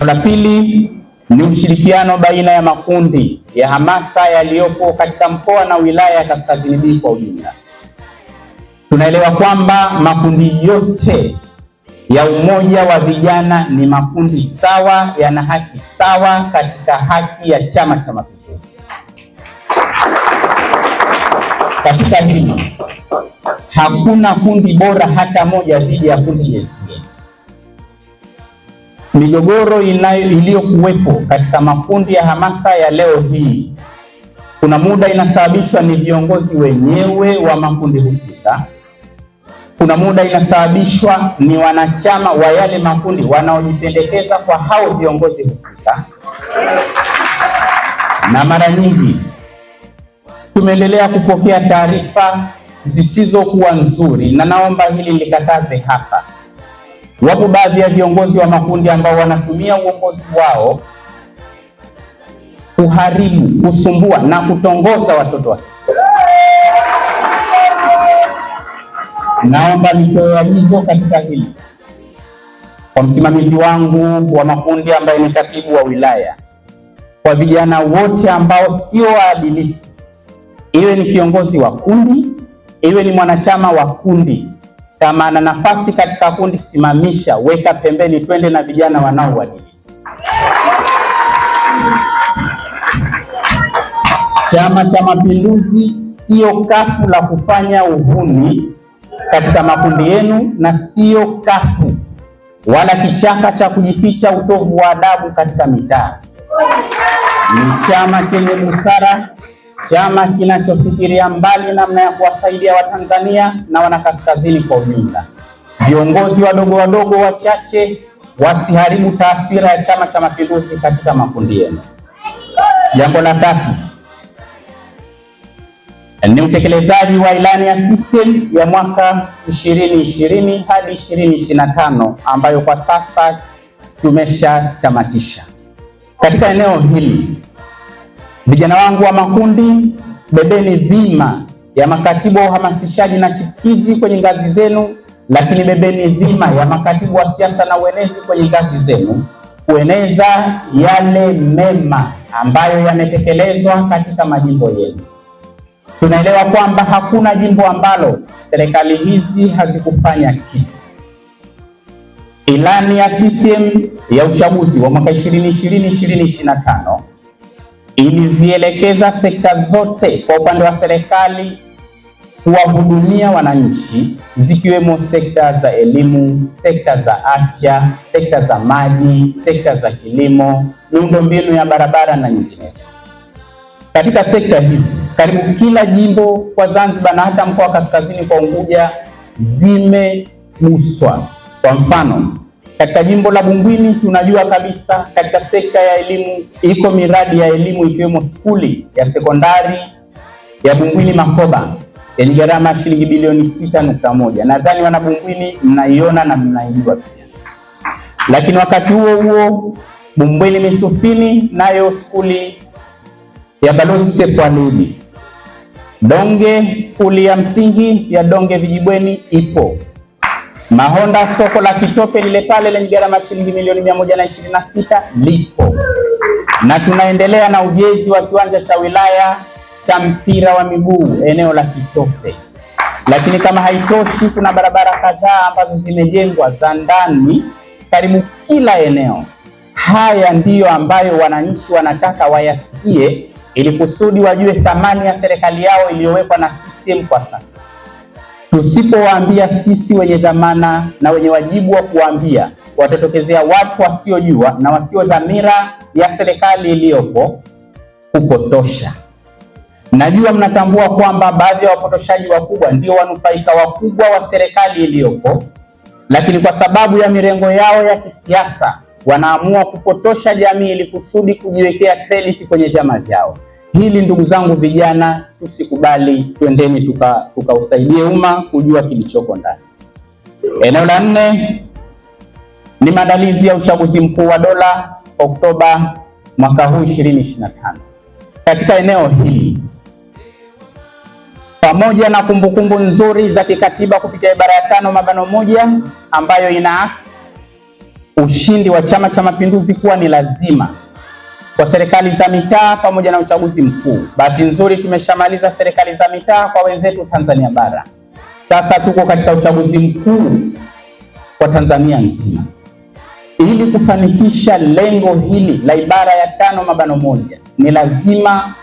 La pili ni ushirikiano baina ya makundi ya hamasa yaliyopo katika mkoa na wilaya ya Kaskazini B kwa ujumla. Tunaelewa kwamba makundi yote ya umoja wa vijana ni makundi sawa, yana haki sawa katika haki ya Chama cha Mapinduzi. Katika hili hakuna kundi bora hata moja dhidi ya kundi jezi migogoro iliyokuwepo katika makundi ya hamasa ya leo hii, kuna muda inasababishwa ni viongozi wenyewe wa makundi husika, kuna muda inasababishwa ni wanachama wa yale makundi wanaojipendekeza kwa hao viongozi husika, na mara nyingi tumeendelea kupokea taarifa zisizokuwa nzuri, na naomba hili likataze hapa. Wapo baadhi ya viongozi wa makundi ambao wanatumia uongozi wao kuharibu, kusumbua na kutongoza watoto wa Naomba nitoe agizo katika hili kwa msimamizi wangu wa makundi ambaye ni katibu wa wilaya, kwa vijana wote ambao sio waadilifu, iwe ni kiongozi wa kundi, iwe ni mwanachama wa kundi kama ana nafasi katika kundi, simamisha, weka pembeni, twende na vijana wanaowadili. Chama cha Mapinduzi sio kapu la kufanya uhuni katika makundi yenu, na sio kapu wala kichaka cha kujificha utovu wa adabu katika mitaa. Ni chama chenye busara chama kinachofikiria mbali namna ya kuwasaidia Watanzania na wanakaskazini kwa ujumla. Viongozi wadogo wadogo wachache wasiharibu taasira ya Chama cha Mapinduzi katika makundi yenu. Jambo la tatu ni utekelezaji wa ilani ya CCM ya mwaka 2020 hadi 2025 ambayo kwa sasa tumeshatamatisha. Katika eneo hili Vijana wangu wa makundi, bebeni dhima ya makatibu wa uhamasishaji na chipukizi kwenye ngazi zenu, lakini bebeni dhima ya makatibu wa siasa na uenezi kwenye ngazi zenu, kueneza yale mema ambayo yametekelezwa katika majimbo yenu. Tunaelewa kwamba hakuna jimbo ambalo serikali hizi hazikufanya kitu. Ilani ya CCM ya uchaguzi wa mwaka 2020 2025 ilizielekeza sekta zote kwa upande wa serikali kuwahudumia wananchi, zikiwemo sekta za elimu, sekta za afya, sekta za maji, sekta za kilimo, miundombinu ya barabara na nyinginezo. Katika sekta hizi karibu kila jimbo kwa Zanzibar na hata mkoa wa kaskazini kwa Unguja zimeguswa. Kwa mfano katika jimbo la Bungwini tunajua kabisa katika sekta ya elimu iko miradi ya elimu ikiwemo skuli ya sekondari ya Bungwini Makoba yenye gharama ya shilingi bilioni 6.1. Nadhani wana Bungwini mnaiona na mnaijua pia. Lakini wakati huo huo Bungwini Misufini nayo skuli ya Balozi Sekwalubi, Donge skuli ya msingi ya Donge Vijibweni ipo Mahonda soko la Kitope lile pale lenye gharama shilingi milioni mia moja na ishirini na sita lipo, na tunaendelea na ujenzi wa kiwanja cha wilaya cha mpira wa miguu eneo la Kitope. Lakini kama haitoshi, kuna barabara kadhaa ambazo zimejengwa za ndani karibu kila eneo. Haya ndiyo ambayo wananchi wanataka wayasikie, ili kusudi wajue thamani ya serikali yao iliyowekwa na CCM kwa sasa. Tusipowaambia sisi wenye dhamana na wenye wajibu wa kuwaambia, watatokezea watu wasiojua na wasio dhamira ya serikali iliyopo kupotosha. Najua mnatambua kwamba baadhi ya wapotoshaji wakubwa ndio wanufaika wakubwa wa serikali iliyopo, lakini kwa sababu ya mirengo yao ya kisiasa wanaamua kupotosha jamii ili kusudi kujiwekea credit kwenye vyama vyao. Hili ndugu zangu vijana, tusikubali. Twendeni tukausaidie tuka umma kujua kilichoko ndani. Eneo la nne ni maandalizi ya uchaguzi mkuu wa dola Oktoba mwaka huu 2025. Katika eneo hili pamoja na kumbukumbu kumbu nzuri za kikatiba kupitia ibara ya tano mabano moja ambayo ina ushindi wa Chama cha Mapinduzi kuwa ni lazima kwa serikali za mitaa pamoja na uchaguzi mkuu. Bahati nzuri tumeshamaliza serikali za mitaa kwa wenzetu Tanzania bara, sasa tuko katika uchaguzi mkuu kwa Tanzania nzima. Ili kufanikisha lengo hili la ibara ya tano mabano moja, ni lazima